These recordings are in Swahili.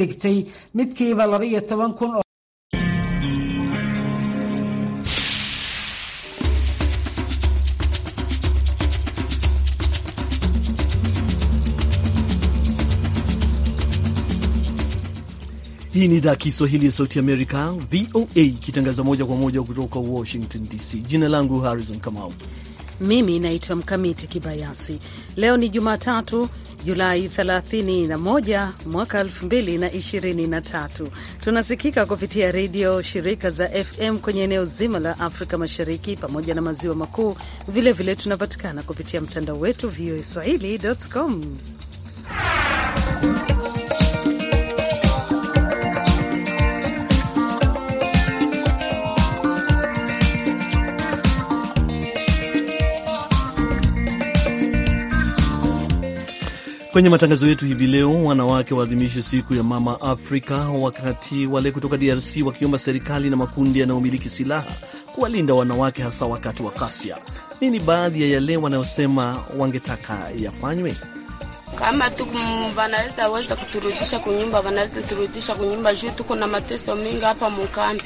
dhigtay midkiiba laba iyo toban kun oo Hii ni idhaa ya Kiswahili ya Sauti Amerika, VOA, ikitangaza moja kwa moja kutoka Washington DC. Jina langu Harrison Kamau mimi naitwa Mkamiti Kibayasi. Leo ni Jumatatu, Julai 31 mwaka 2023. Tunasikika kupitia redio shirika za FM kwenye eneo zima la Afrika Mashariki pamoja na maziwa makuu. Vilevile tunapatikana kupitia mtandao wetu voa swahili.com. Kwenye matangazo yetu hivi leo, wanawake waadhimishe siku ya mama Afrika, wakati wale kutoka DRC wakiomba serikali na makundi yanayomiliki silaha kuwalinda wanawake, hasa wakati wa kasia. Nini baadhi ya yale wanayosema wangetaka yafanywe? Kama tu wanaweza weza kuturudisha kunyumba, wanaweza turudisha kunyumba juu tuko na mateso mengi hapa mukambi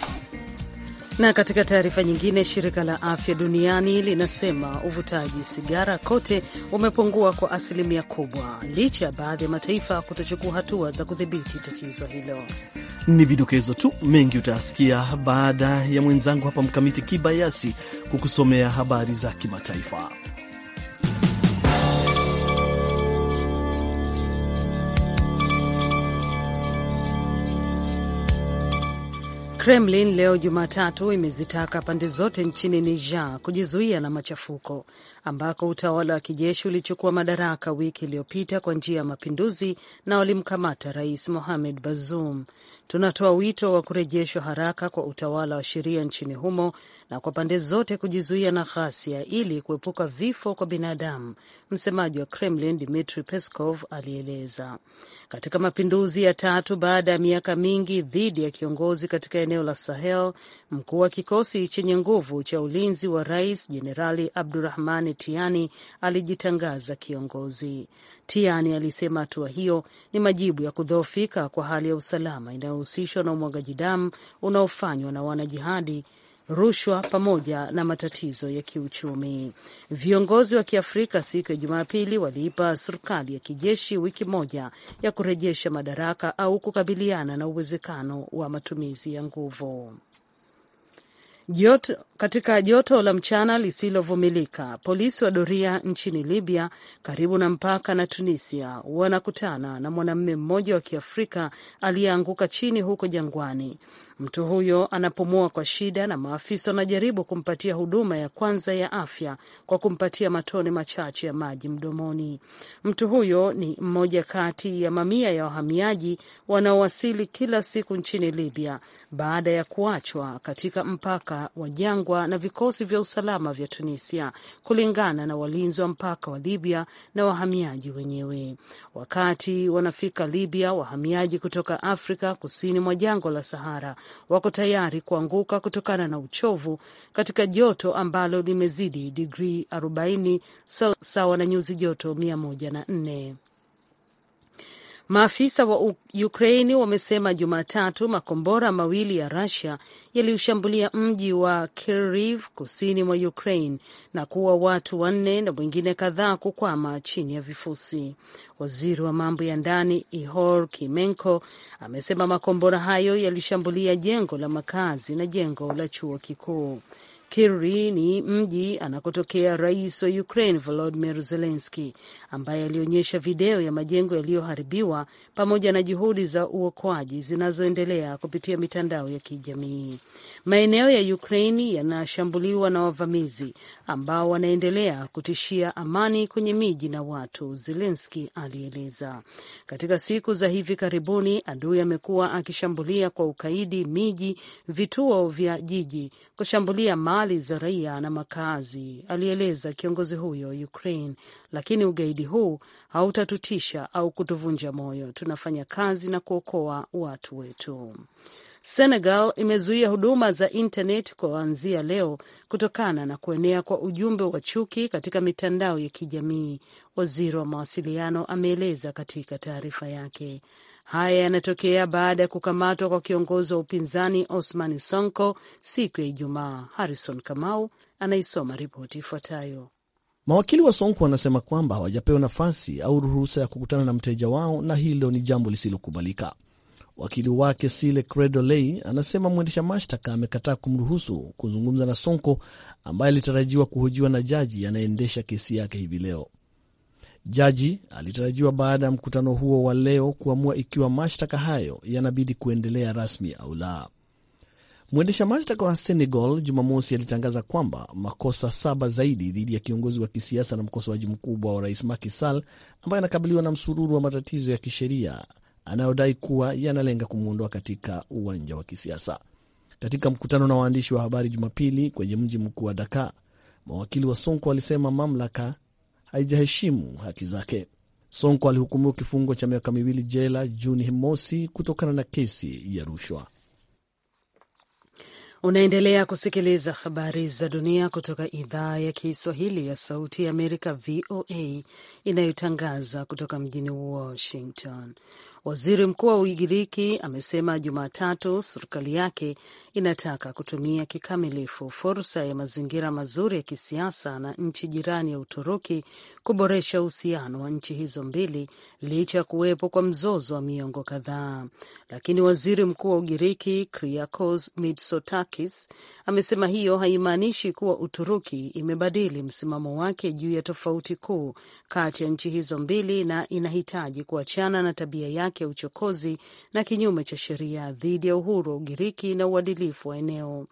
na katika taarifa nyingine, shirika la afya duniani linasema uvutaji sigara kote umepungua kwa asilimia kubwa licha ya baadhi ya mataifa kutochukua hatua za kudhibiti tatizo hilo. Ni vidokezo tu, mengi utayasikia baada ya mwenzangu hapa Mkamiti Kibayasi kukusomea habari za kimataifa. Kremlin leo Jumatatu imezitaka pande zote nchini Niger kujizuia na machafuko ambako utawala wa kijeshi ulichukua madaraka wiki iliyopita kwa njia ya mapinduzi na walimkamata Rais Mohamed Bazoum. Tunatoa wito wa kurejeshwa haraka kwa utawala wa sheria nchini humo na kwa pande zote kujizuia na ghasia ili kuepuka vifo kwa binadamu, msemaji wa Kremlin Dmitri Peskov alieleza. Katika mapinduzi ya tatu baada ya miaka mingi dhidi ya kiongozi katika eneo eneo la Sahel, mkuu wa kikosi chenye nguvu cha ulinzi wa rais Jenerali Abdurahmani Tiani alijitangaza kiongozi. Tiani alisema hatua hiyo ni majibu ya kudhoofika kwa hali ya usalama inayohusishwa na umwagaji damu unaofanywa na wanajihadi rushwa pamoja na matatizo ya kiuchumi. Viongozi wa Kiafrika siku ya Jumapili waliipa serikali ya kijeshi wiki moja ya kurejesha madaraka au kukabiliana na uwezekano wa matumizi ya nguvu. Joto, katika joto la mchana lisilovumilika, polisi wa doria nchini Libya karibu na mpaka na Tunisia wanakutana na mwanamume mmoja wa Kiafrika aliyeanguka chini huko jangwani Mtu huyo anapumua kwa shida na maafisa wanajaribu kumpatia huduma ya kwanza ya afya kwa kumpatia matone machache ya maji mdomoni. Mtu huyo ni mmoja kati ya mamia ya wahamiaji wanaowasili kila siku nchini Libya baada ya kuachwa katika mpaka wa jangwa na vikosi vya usalama vya Tunisia, kulingana na walinzi wa mpaka wa Libya na wahamiaji wenyewe. Wakati wanafika Libya, wahamiaji kutoka Afrika kusini mwa jangwa la Sahara wako tayari kuanguka kutokana na uchovu katika joto ambalo limezidi digrii 40 sawa na nyuzi joto 104. Maafisa wa Ukraini wamesema Jumatatu makombora mawili ya Rusia yaliushambulia mji wa Kiriv kusini mwa Ukraine na kuua watu wanne na mwingine kadhaa kukwama chini ya vifusi. Waziri wa mambo ya ndani Ihor Kimenko amesema makombora hayo yalishambulia jengo la makazi na jengo la chuo kikuu. Kiri ni mji anakotokea rais wa Ukraine volodimir zelenski ambaye alionyesha video ya majengo yaliyoharibiwa pamoja na juhudi za uokoaji zinazoendelea kupitia mitandao ya kijamii. Maeneo ya Ukraini yanashambuliwa na wavamizi ambao wanaendelea kutishia amani kwenye miji na watu, Zelenski alieleza. Katika siku za hivi karibuni, adui amekuwa akishambulia kwa ukaidi miji, vituo vya jiji, kushambulia mali za raia na makazi, alieleza kiongozi huyo Ukraine. Lakini ugaidi huu hautatutisha au kutuvunja moyo, tunafanya kazi na kuokoa watu wetu. Senegal imezuia huduma za intanet kuanzia leo kutokana na kuenea kwa ujumbe wa chuki katika mitandao ya kijamii, waziri wa mawasiliano ameeleza katika taarifa yake. Haya yanatokea baada ya kukamatwa kwa kiongozi wa upinzani Osman Sonko siku ya Ijumaa. Harrison Kamau anaisoma ripoti ifuatayo. Mawakili wa Sonko wanasema kwamba hawajapewa nafasi au ruhusa ya kukutana na mteja wao na hilo ni jambo lisilokubalika. Wakili wake Sile Credolei anasema mwendesha mashtaka amekataa kumruhusu kuzungumza na Sonko ambaye alitarajiwa kuhojiwa na jaji anayeendesha kesi yake hivi leo. Jaji alitarajiwa baada ya mkutano huo wa leo kuamua ikiwa mashtaka hayo yanabidi kuendelea rasmi au la. Mwendesha mashtaka wa Senegal Jumamosi alitangaza kwamba makosa saba zaidi dhidi ya kiongozi wa kisiasa na mkosoaji mkubwa wa rais Macky Sall ambaye anakabiliwa na msururu wa matatizo ya kisheria anayodai kuwa yanalenga kumwondoa katika uwanja wa kisiasa. Katika mkutano na waandishi wa habari Jumapili kwenye mji mkuu wa Dakar, mawakili wa Sonko walisema mamlaka haijaheshimu haki zake. Sonko alihukumiwa kifungo cha miaka miwili jela Juni mosi kutokana na kesi ya rushwa. Unaendelea kusikiliza habari za dunia kutoka idhaa ya Kiswahili ya Sauti ya Amerika, VOA, inayotangaza kutoka mjini Washington. Waziri mkuu wa Ugiriki amesema Jumatatu serikali yake inataka kutumia kikamilifu fursa ya mazingira mazuri ya kisiasa na nchi jirani ya Uturuki kuboresha uhusiano wa nchi hizo mbili licha ya kuwepo kwa mzozo wa miongo kadhaa. Lakini waziri mkuu wa Ugiriki Kyriakos Mitsotakis amesema hiyo haimaanishi kuwa Uturuki imebadili msimamo wake juu ya tofauti kuu kati ya nchi hizo mbili na inahitaji kuachana na tabia yake yake ya uchokozi na kinyume cha sheria dhidi ya uhuru wa Ugiriki na uadilifu wa eneo.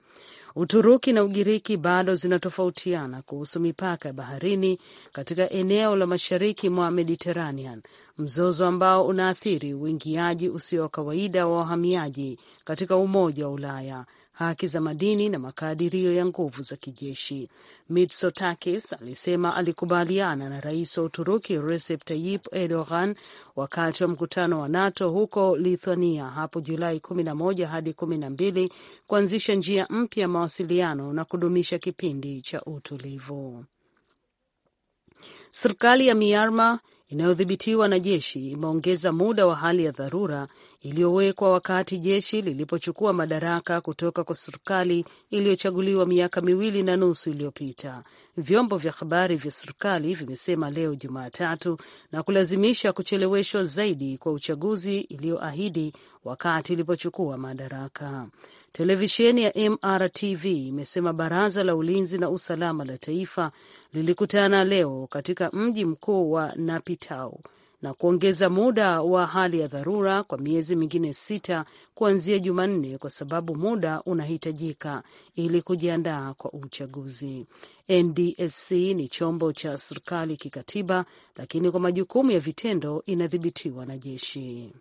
Uturuki na Ugiriki bado zinatofautiana kuhusu mipaka ya baharini katika eneo la mashariki mwa mediteranean mzozo ambao unaathiri uingiaji usio wa kawaida wa wahamiaji katika Umoja wa Ulaya haki za madini na makadirio ya nguvu za kijeshi. Mitsotakis alisema alikubaliana na rais wa Uturuki Recep Tayyip Erdogan wakati wa mkutano wa NATO huko Lithuania hapo Julai 11 hadi 12 kuanzisha njia mpya ya mawasiliano na kudumisha kipindi cha utulivu. Serikali ya Myanmar inayodhibitiwa na jeshi imeongeza muda wa hali ya dharura iliyowekwa wakati jeshi lilipochukua madaraka kutoka kwa serikali iliyochaguliwa miaka miwili na nusu iliyopita, vyombo vya habari vya serikali vimesema leo Jumatatu, na kulazimisha kucheleweshwa zaidi kwa uchaguzi iliyoahidi wakati ilipochukua madaraka. Televisheni ya MRTV imesema baraza la ulinzi na usalama la taifa lilikutana leo katika mji mkuu wa Napitau na kuongeza muda wa hali ya dharura kwa miezi mingine sita kuanzia Jumanne kwa sababu muda unahitajika ili kujiandaa kwa uchaguzi. NDSC ni chombo cha serikali kikatiba, lakini kwa majukumu ya vitendo inadhibitiwa na jeshi.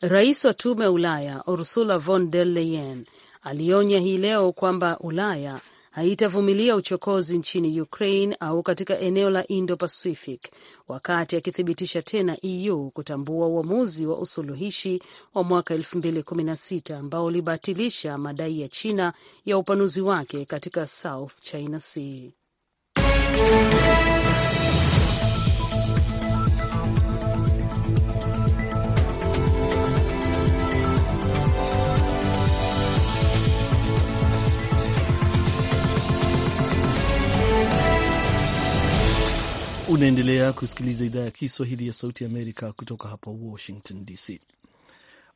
Rais wa Tume ya Ulaya Ursula von der Leyen alionya hii leo kwamba Ulaya haitavumilia uchokozi nchini Ukraine au katika eneo la Indo Pacific, wakati akithibitisha tena EU kutambua uamuzi wa usuluhishi wa mwaka 2016 ambao ulibatilisha madai ya China ya upanuzi wake katika South China Sea. Unaendelea kusikiliza idhaa ya Kiswahili ya Sauti ya Amerika kutoka hapa Washington DC.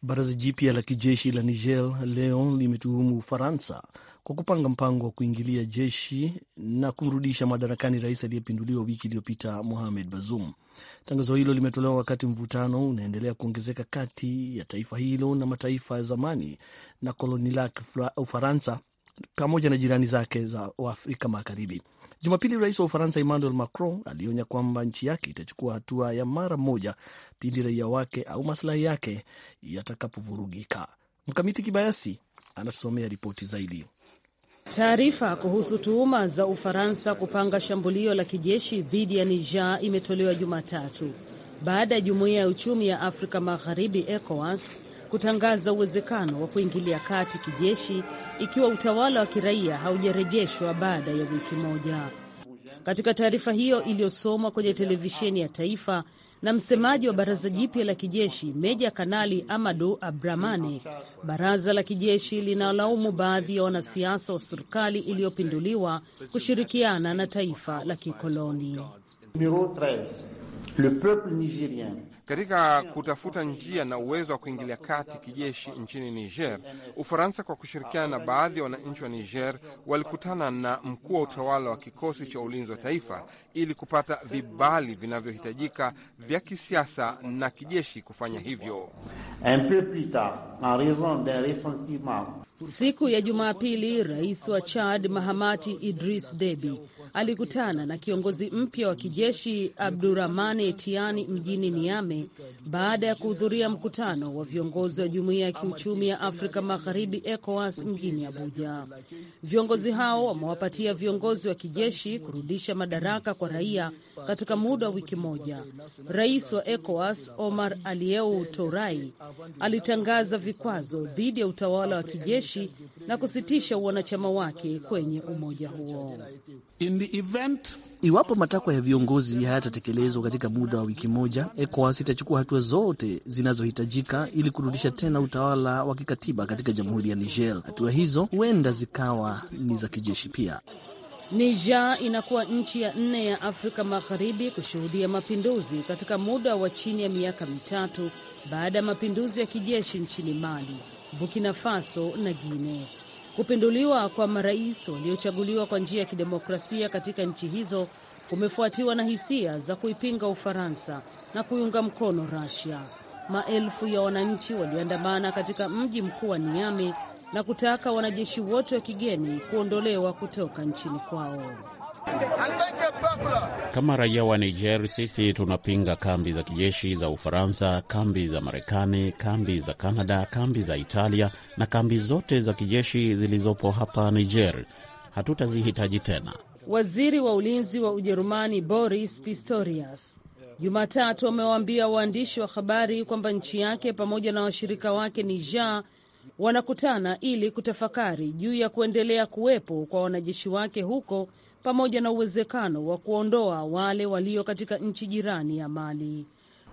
Baraza jipya la kijeshi la Niger leo limetuhumu Ufaransa kwa kupanga mpango wa kuingilia jeshi na kumrudisha madarakani rais aliyepinduliwa wiki iliyopita Mohamed Bazoum. Tangazo hilo limetolewa wakati mvutano unaendelea kuongezeka kati ya taifa hilo na mataifa ya zamani na koloni lake Ufaransa, pamoja na jirani zake za Afrika Magharibi. Jumapili, rais wa Ufaransa Emmanuel Macron alionya kwamba nchi yake itachukua hatua ya mara moja pindi raia wake au maslahi yake yatakapovurugika. Mkamiti Kibayasi anatusomea ripoti zaidi. Taarifa kuhusu tuhuma za Ufaransa kupanga shambulio la kijeshi dhidi ya Niger imetolewa Jumatatu baada ya jumuiya ya uchumi ya Afrika Magharibi ECOWAS kutangaza uwezekano wa kuingilia kati kijeshi ikiwa utawala wa kiraia haujarejeshwa baada ya wiki moja. Katika taarifa hiyo iliyosomwa kwenye televisheni ya taifa na msemaji wa baraza jipya la kijeshi Meja Kanali Amadu Abramane, baraza la kijeshi linalaumu baadhi ya wanasiasa wa serikali iliyopinduliwa kushirikiana na taifa la kikoloni. Katika kutafuta njia na uwezo wa kuingilia kati kijeshi nchini Niger, Ufaransa kwa kushirikiana na baadhi ya wananchi wa Niger walikutana na mkuu wa utawala wa kikosi cha ulinzi wa taifa ili kupata vibali vinavyohitajika vya kisiasa na kijeshi kufanya hivyo. Siku ya Jumapili, rais wa Chad Mahamati Idris Deby alikutana na kiongozi mpya wa kijeshi abdurahmani Tiani mjini Niame baada ya kuhudhuria mkutano wa viongozi wa Jumuiya ya Kiuchumi ya Afrika Magharibi ECOWAS mjini Abuja. Viongozi hao wamewapatia viongozi wa kijeshi kurudisha madaraka kwa raia katika muda wa wiki moja. Rais wa ECOWAS Omar Alieu Torai alitangaza vikwazo dhidi ya utawala wa kijeshi na kusitisha wanachama wake kwenye umoja huo. In the event... iwapo matakwa ya viongozi hayatatekelezwa katika muda wa wiki moja, ECOWAS itachukua hatua zote zinazohitajika ili kurudisha tena utawala wa kikatiba katika jamhuri ya Niger. Hatua hizo huenda zikawa ni za kijeshi pia. Niger inakuwa nchi ya nne ya Afrika Magharibi kushuhudia mapinduzi katika muda wa chini ya miaka mitatu baada ya mapinduzi ya kijeshi nchini Mali, Burkina Faso na Guinea. Kupinduliwa kwa marais waliochaguliwa kwa njia ya kidemokrasia katika nchi hizo kumefuatiwa na hisia za kuipinga Ufaransa na kuiunga mkono rasia Maelfu ya wananchi waliandamana katika mji mkuu wa Niamey na kutaka wanajeshi wote wa kigeni kuondolewa kutoka nchini kwao. Kama raia wa Niger, sisi tunapinga kambi za kijeshi za Ufaransa, kambi za Marekani, kambi za Kanada, kambi za Italia na kambi zote za kijeshi zilizopo hapa Niger. Hatutazihitaji tena. Waziri wa ulinzi wa Ujerumani Boris Pistorius Jumatatu amewaambia waandishi wa habari kwamba nchi yake pamoja na washirika wake Niger wanakutana ili kutafakari juu ya kuendelea kuwepo kwa wanajeshi wake huko pamoja na uwezekano wa kuondoa wale walio katika nchi jirani ya Mali.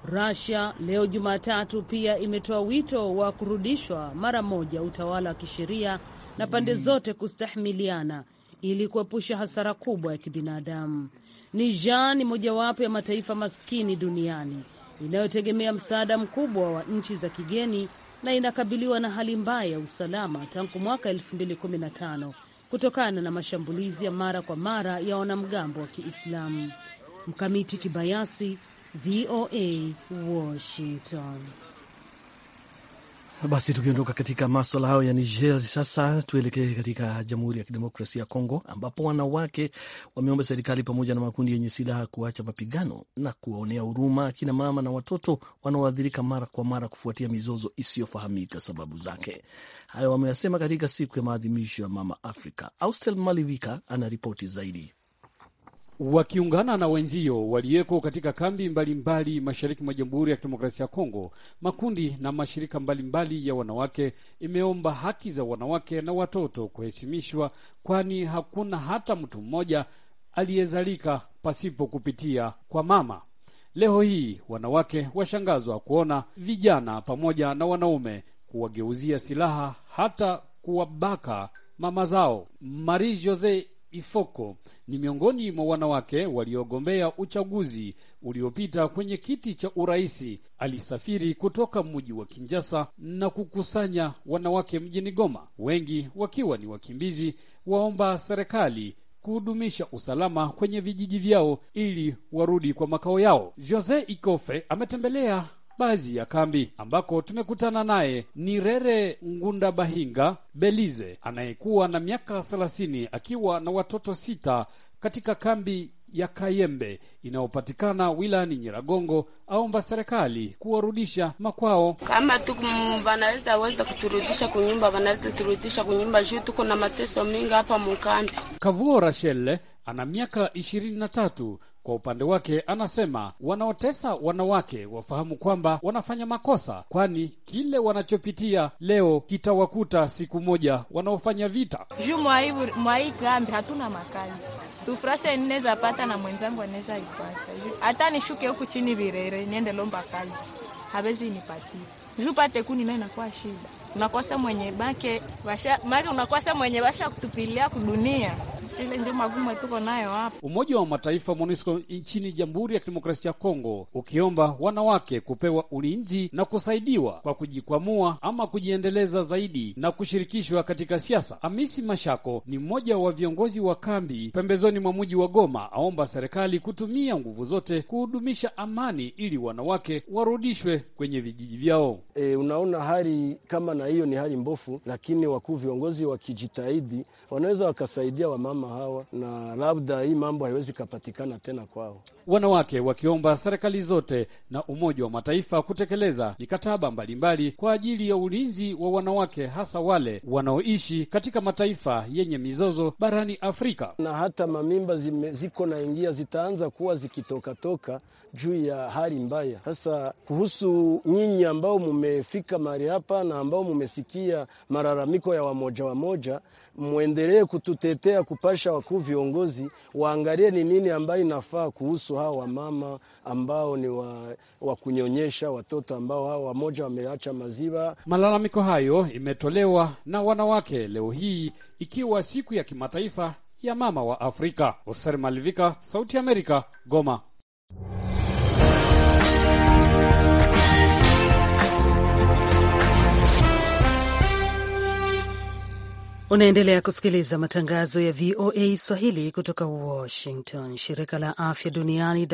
rasia leo Jumatatu pia imetoa wito wa kurudishwa mara moja utawala wa kisheria na pande zote kustahimiliana ili kuepusha hasara kubwa ya kibinadamu. Niger ni mojawapo ya mataifa maskini duniani inayotegemea msaada mkubwa wa nchi za kigeni na inakabiliwa na hali mbaya ya usalama tangu mwaka 2015 kutokana na mashambulizi ya mara kwa mara ya wanamgambo wa Kiislamu. Mkamiti Kibayasi, VOA, Washington. Basi tukiondoka katika maswala hayo ya Niger, sasa tuelekee katika Jamhuri ya Kidemokrasia ya Kongo, ambapo wanawake wameomba serikali pamoja na makundi yenye silaha kuacha mapigano na kuwaonea huruma akina mama na watoto wanaoathirika mara kwa mara kufuatia mizozo isiyofahamika sababu zake. Hayo wameyasema katika siku ya maadhimisho ya Mama Afrika. Austel Malivika ana ripoti zaidi wakiungana na wenzio walieko katika kambi mbalimbali mbali mashariki mwa Jamhuri ya Kidemokrasia ya Kongo. Makundi na mashirika mbalimbali mbali ya wanawake imeomba haki za wanawake na watoto kuheshimishwa, kwani hakuna hata mtu mmoja aliyezalika pasipo kupitia kwa mama. Leo hii wanawake washangazwa kuona vijana pamoja na wanaume kuwageuzia silaha hata kuwabaka mama zao. Marie Jose Ifoko ni miongoni mwa wanawake waliogombea uchaguzi uliopita kwenye kiti cha uraisi. Alisafiri kutoka mji wa kinjasa na kukusanya wanawake mjini Goma, wengi wakiwa ni wakimbizi, waomba serikali kudumisha usalama kwenye vijiji vyao ili warudi kwa makao yao. Jose Ikofe ametembelea baadhi ya kambi, ambako tumekutana naye ni Rere Ngunda Bahinga Belize anayekuwa na miaka thelathini akiwa na watoto sita katika kambi ya Kayembe inayopatikana wilayani Nyiragongo, aomba serikali kuwarudisha makwao. Kama tu wanaweza weza kuturudisha kunyumba, wanaweza turudisha kunyumba juu tuko na mateso mingi hapa mukambi. Kavuo Rashelle ana miaka ishirini na tatu kwa upande wake, anasema wanaotesa wanawake wafahamu kwamba wanafanya makosa, kwani kile wanachopitia leo kitawakuta siku moja wanaofanya vita juu mwaii kambi. Hatuna makazi sufurasa ninaweza pata na mwenzangu anaweza ipata, hata nishuke huku chini Virere niende lomba kazi, hawezi nipatia juu pate kuni nayo inakuwa shida, unakosa mwenye bake basha, unakosa mwenye basha kutupilia kudunia ile ndio magumu tuko nayo hapa. Umoja wa Mataifa MONUSCO nchini Jamhuri ya Kidemokrasia ya Kongo ukiomba wanawake kupewa ulinzi na kusaidiwa kwa kujikwamua ama kujiendeleza zaidi na kushirikishwa katika siasa. Hamisi Mashako ni mmoja wa viongozi wa kambi pembezoni mwa mji wa Goma, aomba serikali kutumia nguvu zote kuhudumisha amani ili wanawake warudishwe kwenye vijiji vyao. E, unaona hali kama na hiyo ni hali mbofu, lakini wakuu viongozi wakijitahidi wanaweza wakasaidia wamama kama hawa, na labda hii mambo haiwezi kapatikana tena kwao. Wanawake wakiomba serikali zote na Umoja wa Mataifa kutekeleza mikataba mbalimbali kwa ajili ya ulinzi wa wanawake, hasa wale wanaoishi katika mataifa yenye mizozo barani Afrika. Na hata mamimba zime, ziko naingia zitaanza kuwa zikitokatoka, juu ya hali mbaya. Sasa kuhusu nyinyi ambao mumefika mahali hapa na ambao mumesikia malalamiko ya wamoja wamoja, mwendelee kututetea, kupasha wakuu viongozi waangalie ni nini ambayo inafaa kuhusu hawa wamama ambao ni wa, wa kunyonyesha watoto ambao hawa wamoja wameacha maziwa. Malalamiko hayo imetolewa na wanawake leo hii ikiwa siku ya kimataifa ya mama wa Afrika. Hoser Malivika, Sauti Amerika, Goma. Unaendelea kusikiliza matangazo ya VOA Swahili kutoka Washington. Shirika la afya duniani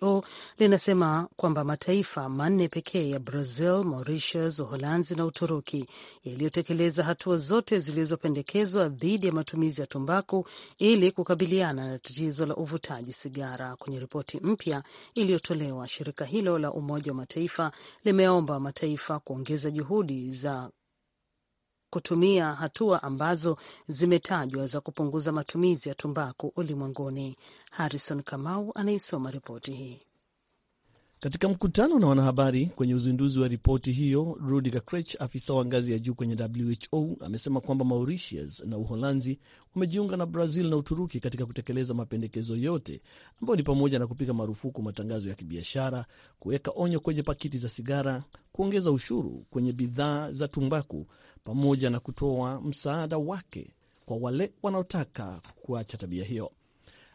WHO linasema kwamba mataifa manne pekee ya Brazil, Mauritius, Uholanzi na Uturuki yaliyotekeleza hatua zote zilizopendekezwa dhidi ya matumizi ya tumbaku ili kukabiliana na tatizo la uvutaji sigara. Kwenye ripoti mpya iliyotolewa, shirika hilo la Umoja wa Mataifa limeomba mataifa kuongeza juhudi za kutumia hatua ambazo zimetajwa za kupunguza matumizi ya tumbaku ulimwenguni. Harrison Kamau anaisoma ripoti hii. Katika mkutano na wanahabari kwenye uzinduzi wa ripoti hiyo, Rudiger Krech, afisa wa ngazi ya juu kwenye WHO, amesema kwamba Mauritius na Uholanzi wamejiunga na Brazil na Uturuki katika kutekeleza mapendekezo yote ambayo ni pamoja na kupiga marufuku matangazo ya kibiashara, kuweka onyo kwenye pakiti za sigara, kuongeza ushuru kwenye bidhaa za tumbaku pamoja na kutoa msaada wake kwa wale wanaotaka kuacha tabia hiyo.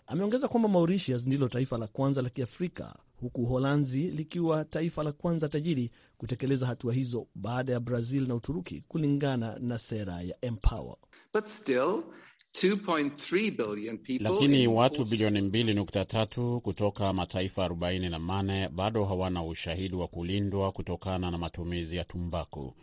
Ameongeza kwamba Mauritius ndilo taifa la kwanza la Kiafrika, huku Uholanzi likiwa taifa la kwanza tajiri kutekeleza hatua hizo baada ya Brazil na Uturuki, kulingana na sera ya Empower. But still, 2.3 billion people, lakini watu bilioni 2.3 kutoka mataifa 48 bado hawana ushahidi wa kulindwa kutokana na matumizi ya tumbaku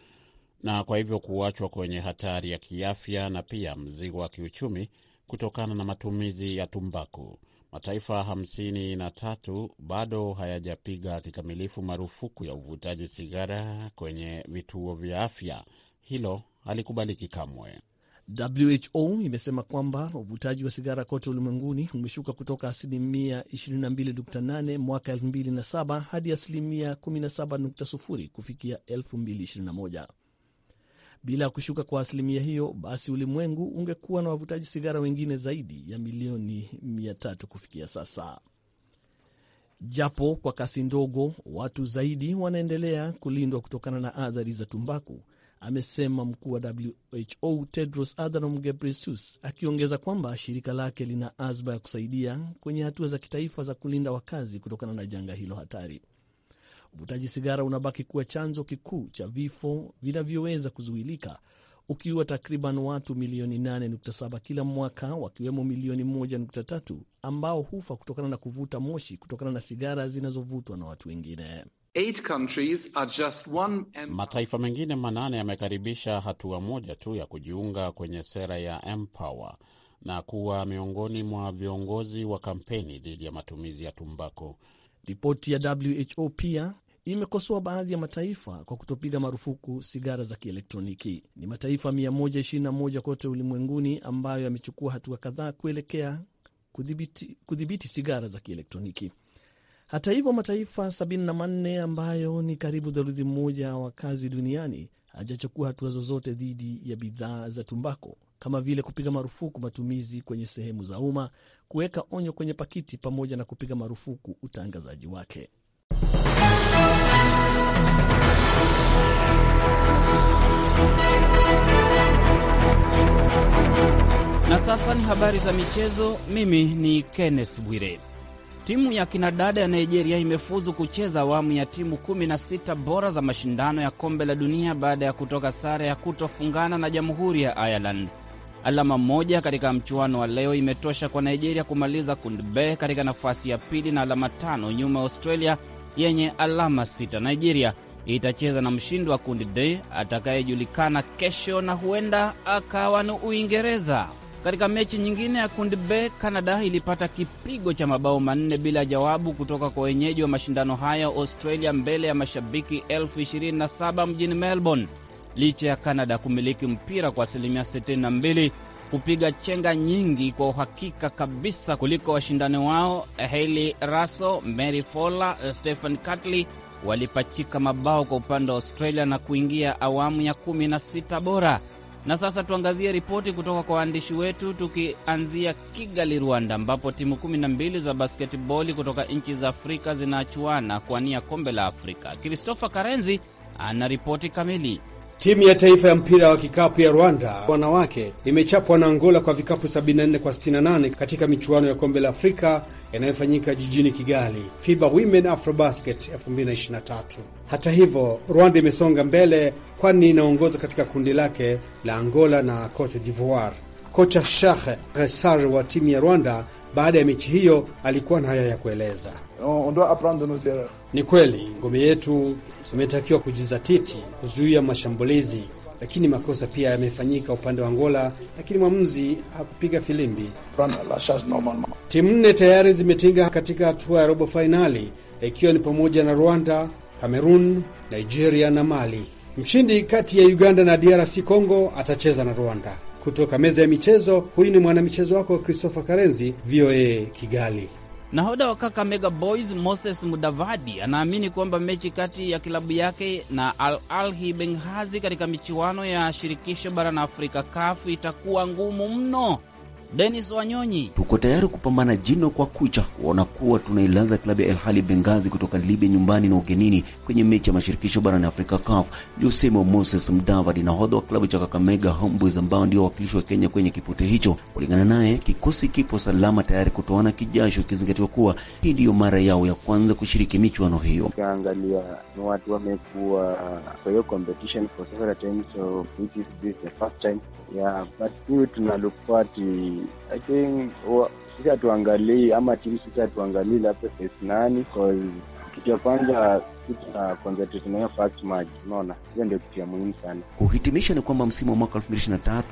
na kwa hivyo kuachwa kwenye hatari ya kiafya na pia mzigo wa kiuchumi kutokana na matumizi ya tumbaku. Mataifa 53 bado hayajapiga kikamilifu marufuku ya uvutaji sigara kwenye vituo vya afya. Hilo halikubaliki kamwe. WHO imesema kwamba uvutaji wa sigara kote ulimwenguni umeshuka kutoka asilimia 22.8 mwaka 2007 hadi asilimia 17.0 kufikia 2021. Bila ya kushuka kwa asilimia hiyo, basi ulimwengu ungekuwa na wavutaji sigara wengine zaidi ya milioni tatu kufikia sasa. Japo kwa kasi ndogo, watu zaidi wanaendelea kulindwa kutokana na athari za tumbaku, amesema mkuu wa WHO Tedros Adhanom Ghebreyesus, akiongeza kwamba shirika lake lina azma ya kusaidia kwenye hatua za kitaifa za kulinda wakazi kutokana na janga hilo hatari uvutaji sigara unabaki kuwa chanzo kikuu cha vifo vinavyoweza kuzuilika ukiwa takriban watu milioni 8.7 kila mwaka, wakiwemo milioni 1.3 ambao hufa kutokana na kuvuta moshi kutokana na sigara zinazovutwa na watu wengine. One... mataifa mengine manane yamekaribisha hatua moja tu ya kujiunga kwenye sera ya Empower na kuwa miongoni mwa viongozi wa kampeni dhidi ya matumizi ya tumbako. Ripoti ya WHO pia imekosoa baadhi ya mataifa kwa kutopiga marufuku sigara za kielektroniki. Ni mataifa 121 kote ulimwenguni ambayo yamechukua hatua kadhaa kuelekea kudhibiti, kudhibiti sigara za kielektroniki. Hata hivyo, mataifa 74 ambayo ni karibu theluthi moja wa wakazi duniani hajachukua hatua zozote dhidi ya bidhaa za tumbako kama vile kupiga marufuku matumizi kwenye sehemu za umma, kuweka onyo kwenye pakiti, pamoja na kupiga marufuku utangazaji wake. Na sasa ni habari za michezo. Mimi ni Kenneth Bwire. Timu ya kinadada ya Nigeria imefuzu kucheza awamu ya timu 16 bora za mashindano ya kombe la dunia baada ya kutoka sare ya kutofungana na jamhuri ya Ireland. Alama moja katika mchuano wa leo imetosha kwa Nigeria kumaliza kundi B katika nafasi ya pili na alama tano nyuma ya Australia yenye alama sita. Nigeria itacheza na mshindi wa kundi D atakayejulikana kesho na huenda akawa ni Uingereza. Katika mechi nyingine ya kundi B, Canada ilipata kipigo cha mabao manne bila jawabu kutoka kwa wenyeji wa mashindano haya Australia, mbele ya mashabiki elfu 27 mjini Melbourne. Licha ya Canada kumiliki mpira kwa asilimia 62, kupiga chenga nyingi kwa uhakika kabisa kuliko washindani wao Hailey Russo, Mary Fowler, Stephen Catley walipachika mabao kwa upande wa Australia na kuingia awamu ya 16 bora. Na sasa tuangazie ripoti kutoka kwa waandishi wetu, tukianzia Kigali, Rwanda, ambapo timu kumi na mbili za basketboli kutoka nchi za Afrika zinachuana kuania kombe la Afrika. Christopher Karenzi ana ripoti kamili. Timu ya taifa ya mpira wa kikapu ya Rwanda wanawake imechapwa na Angola kwa vikapu 74 kwa 68 katika michuano ya kombe la Afrika yanayofanyika jijini Kigali, FIBA Women Afrobasket 2023. Hata hivyo, Rwanda imesonga mbele, kwani inaongoza katika kundi lake la Angola na Cote d'Ivoire. Kocha Sheikh Kassar wa timu ya Rwanda baada ya mechi hiyo alikuwa na haya ya kueleza. Ni kweli ngome yetu imetakiwa kujizatiti kuzuia mashambulizi, lakini makosa pia yamefanyika upande wa Angola, lakini mwamuzi hakupiga filimbi. Timu nne tayari zimetinga katika hatua ya robo fainali, ikiwa ni pamoja na Rwanda, Kamerun, Nigeria na Mali. Mshindi kati ya Uganda na DRC Congo atacheza na Rwanda. Kutoka meza ya michezo, huyu ni mwanamichezo wako Christopher Karenzi, VOA Kigali. Nahoda wa Kakamega Boys Moses Mudavadi anaamini kwamba mechi kati ya kilabu yake na Al Ahly Benghazi katika michuano ya shirikisho barani Afrika, kafu itakuwa ngumu mno Dennis Wanyonyi, tuko tayari kupambana jino kwa kucha kuona kuwa tunailaza klabu ya El Hali Benghazi kutoka Libya nyumbani na ugenini kwenye mechi ya mashirikisho barani Afrika CAF. Josemo Moses Mdavadi, nahodha wa klabu cha Kakamega Homeboys ambao ndio wakilishi wa Kenya kwenye kipote hicho, kulingana naye kikosi kipo salama tayari kutoana kijasho, ikizingatiwa kuwa hii ndiyo mara yao ya kwanza kushiriki michuano hiyo. Kaangalia ni watu wamekuwa uh, kwa hiyo competition for several times, so it is the first time yeah, but tunalopati I think sisi hatuangalii ama timu sisi hatuangalii labda face nani cause kitu ya kwanza Kuhitimisha ni kwamba msimu wa mwaka 2023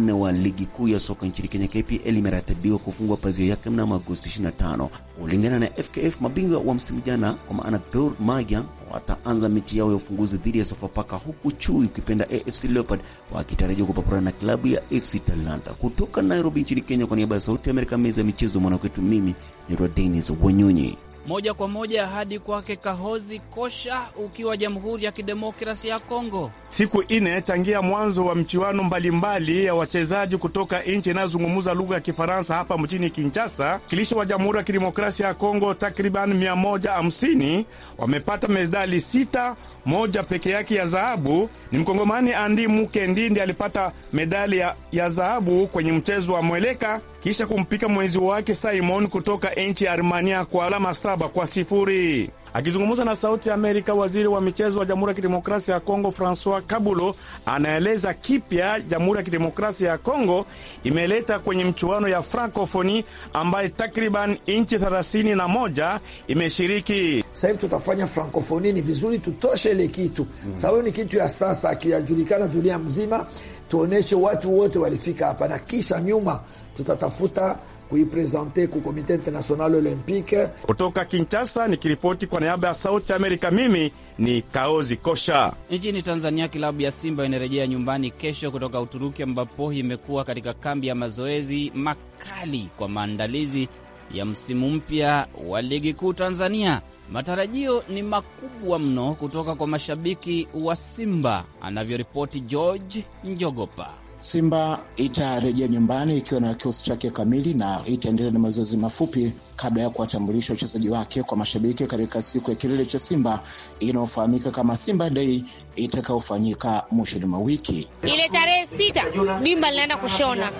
24 wa ligi kuu ya soka nchini Kenya KPL imeratibiwa kufungwa pazia yake mnamo Agosti 25 kulingana na FKF. Mabingwa wa msimu jana kwa maana Gor Mahia wataanza mechi yao ya ufunguzi dhidi ya Sofapaka, huku Chui ukipenda AFC Leopard wakitarajiwa kupapurana na klabu ya FC Talanta kutoka Nairobi nchini Kenya. Kwa niaba ya Sauti ya Amerika, meza ya michezo, mwanakwetu, mimi ni Rodenis Wanyonyi moja kwa moja hadi kwake Kahozi Kosha, ukiwa Jamhuri ya Kidemokrasi ya Kongo. Siku ine tangia mwanzo wa mchuano mbalimbali ya wachezaji kutoka nchi inayozungumza lugha ya Kifaransa hapa mjini Kinshasa, kilisha wa Jamhuri ya Kidemokrasia ya Kongo takriban 150 wamepata medali sita, moja peke yake ya dhahabu ni Mkongomani Andi mukendindi alipata medali ya dhahabu kwenye mchezo wa mweleka kisha kumpika mwenzi wake Simon kutoka nchi ya Armenia kwa alama saba kwa sifuri. Akizungumza na Sauti ya Amerika, waziri wa michezo wa Jamhuri ya Kidemokrasia ya Kongo Francois Kabulo anaeleza kipya Jamhuri ya Kidemokrasia ya Kongo imeleta kwenye mchuano ya francofoni ambaye takriban nchi 31 na moja imeshiriki. Sasa hivi tutafanya Frankofoni, ni vizuri tutoshe ile kitu mm -hmm. Sababu ni kitu ya sasa akiyajulikana dunia mzima, tuoneshe watu wote walifika hapa na kisha nyuma tutatafuta kuiprezante ku Komite International Olympique. Kutoka Kinshasa nikiripoti kwa niaba ya Sauti Amerika, mimi ni Kaozi Kosha. Nchini Tanzania, klabu ya Simba inarejea nyumbani kesho kutoka Uturuki, ambapo imekuwa katika kambi ya mazoezi makali kwa maandalizi ya msimu mpya wa ligi kuu Tanzania. Matarajio ni makubwa mno kutoka kwa mashabiki wa Simba, anavyoripoti George Njogopa. Simba itarejea nyumbani ikiwa na kikosi chake kamili na itaendelea na mazoezi mafupi kabla ya kuwatambulisha wachezaji wake kwa mashabiki katika siku ya kilele cha Simba inayofahamika kama Simba Day itakayofanyika mwishoni mwa wiki. Ile tarehe sita dimba linaenda kushona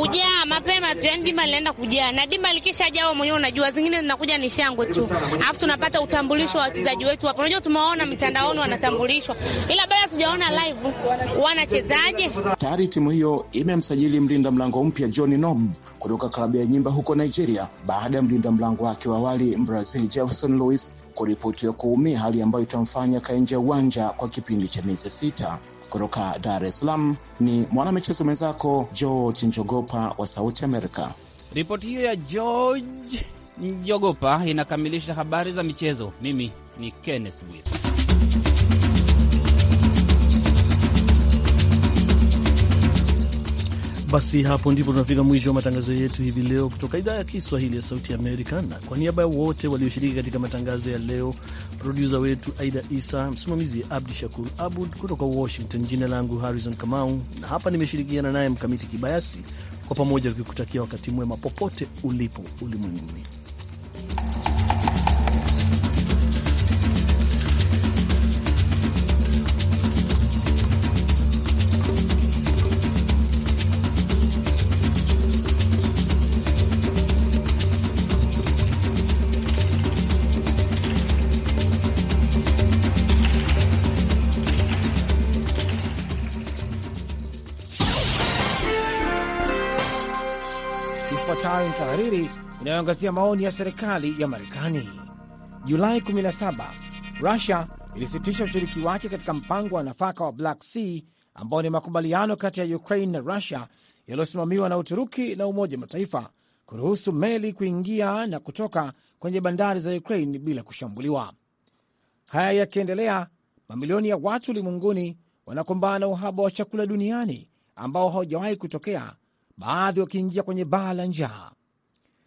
kujaa mapema tu, yani dimba linaenda kujaa, na dimba likisha likishajawa mwenyewe unajua, zingine zinakuja ni shangwe tu, alafu tunapata utambulisho wa wachezaji wetu hapo. Unajua, tumewaona mitandaoni wanatambulishwa, ila bado hatujaona live wanachezaje. Tayari timu hiyo imemsajili mlinda mlango mpya John Nob kutoka klabu ya Nyimba huko Nigeria baada mlinda mlango wake wa awali Brazil Jefferson Luis kuripotiwa kuumia, hali ambayo itamfanya kaenja uwanja kwa kipindi cha miezi sita. Kutoka Dar es Salaam ni mwanamichezo mwenzako George Njogopa wa Sauti Amerika. Ripoti hiyo ya George Njogopa inakamilisha habari za michezo. Mimi ni Kenneth Bwire. Basi hapo ndipo tunafika mwisho wa matangazo yetu hivi leo kutoka idhaa ya Kiswahili ya Sauti Amerika, na kwa niaba ya wote walioshiriki katika matangazo ya leo, produsa wetu Aida Isa, msimamizi Abdi Shakur Abud kutoka Washington, jina langu Harrison Kamau, na hapa nimeshirikiana naye Mkamiti Kibayasi, kwa pamoja tukikutakia wakati mwema popote ulipo ulimwenguni. tahariri inayoangazia maoni ya serikali ya Marekani. Julai 17 Rusia ilisitisha ushiriki wake katika mpango wa nafaka wa Black Sea ambao ni makubaliano kati ya Ukraine na Rusia yaliyosimamiwa na Uturuki na Umoja Mataifa kuruhusu meli kuingia na kutoka kwenye bandari za Ukraine bila kushambuliwa. Haya yakiendelea, mamilioni ya watu ulimwenguni wanakumbana na uhaba wa chakula duniani ambao haujawahi kutokea, baadhi wakiingia kwenye baa la njaa.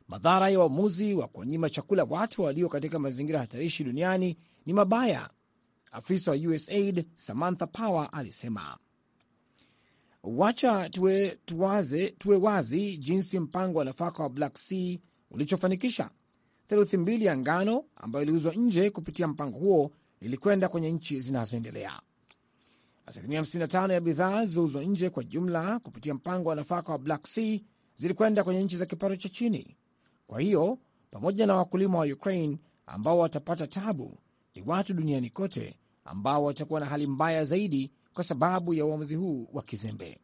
Madhara ya uamuzi wa kuwanyima chakula watu walio katika mazingira hatarishi duniani ni mabaya, afisa wa USAID Samantha Power alisema. Wacha tuwe, tuwaze, tuwe wazi jinsi mpango wa nafaka wa Black Sea ulichofanikisha. Theluthi mbili ya ngano ambayo iliuzwa nje kupitia mpango huo ilikwenda kwenye nchi zinazoendelea. Asilimia 55 ya bidhaa zilizouzwa nje kwa jumla kupitia mpango wa nafaka wa Black Sea zilikwenda kwenye nchi za kipato cha chini. Kwa hiyo pamoja na wakulima wa Ukraine ambao watapata tabu, ni watu duniani kote ambao watakuwa na hali mbaya zaidi kwa sababu ya uamuzi huu wa kizembe.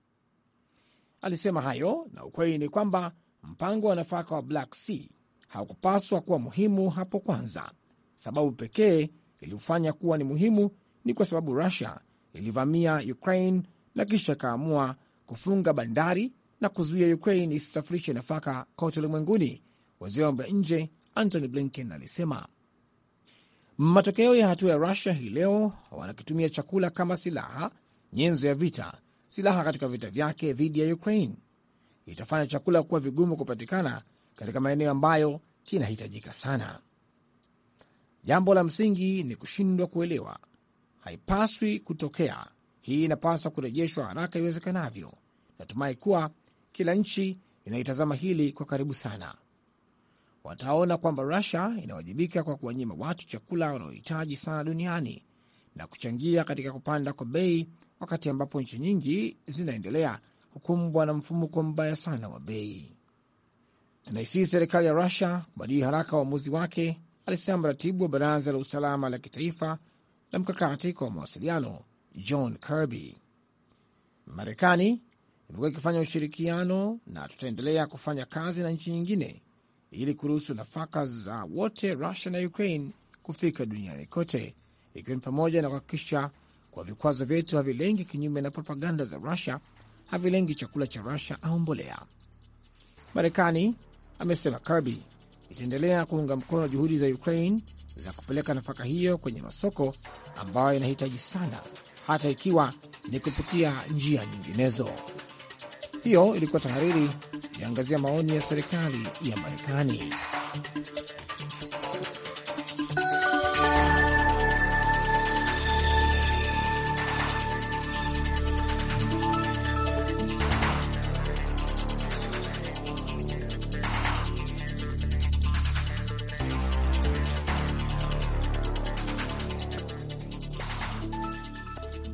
Alisema hayo, na ukweli ni kwamba mpango wa nafaka wa Black Sea haukupaswa kuwa muhimu hapo kwanza. Sababu pekee iliofanya kuwa ni muhimu ni kwa sababu Rusia ilivamia Ukraine na kisha ikaamua kufunga bandari na kuzuia Ukraine isisafirishe nafaka kote ulimwenguni Waziri wa mambo ya nje Antony Blinken alisema matokeo ya hatua ya Rusia hii leo, wanakitumia chakula kama silaha, nyenzo ya vita, silaha katika vita vyake dhidi ya Ukraine. Itafanya chakula kuwa vigumu kupatikana katika maeneo ambayo kinahitajika sana. Jambo la msingi ni kushindwa kuelewa, haipaswi kutokea. Hii inapaswa kurejeshwa haraka iwezekanavyo. Natumai kuwa kila nchi inaitazama hili kwa karibu sana wataona kwamba Rusia inawajibika kwa kuwanyima watu chakula wanaohitaji sana duniani na kuchangia katika kupanda kwa bei, wakati ambapo nchi nyingi zinaendelea kukumbwa na mfumuko mbaya sana wa bei. Tunaisii serikali ya Rusia kubadili haraka uamuzi wa wake, alisema mratibu wa baraza la usalama la kitaifa la mkakati kwa mawasiliano John Kirby. Marekani imekuwa ikifanya ushirikiano na tutaendelea kufanya kazi na nchi nyingine ili kuruhusu nafaka za wote Rusia na Ukraine kufika duniani kote, ikiwa ni pamoja na kuhakikisha kwa vikwazo vyetu havilengi, kinyume na propaganda za Rusia, havilengi chakula cha Rusia au mbolea. Marekani, amesema Kirby, itaendelea kuunga mkono juhudi za Ukraine za kupeleka nafaka hiyo kwenye masoko ambayo inahitaji sana, hata ikiwa ni kupitia njia nyinginezo. Hiyo ilikuwa tahariri, iliangazia maoni ya serikali ya Marekani.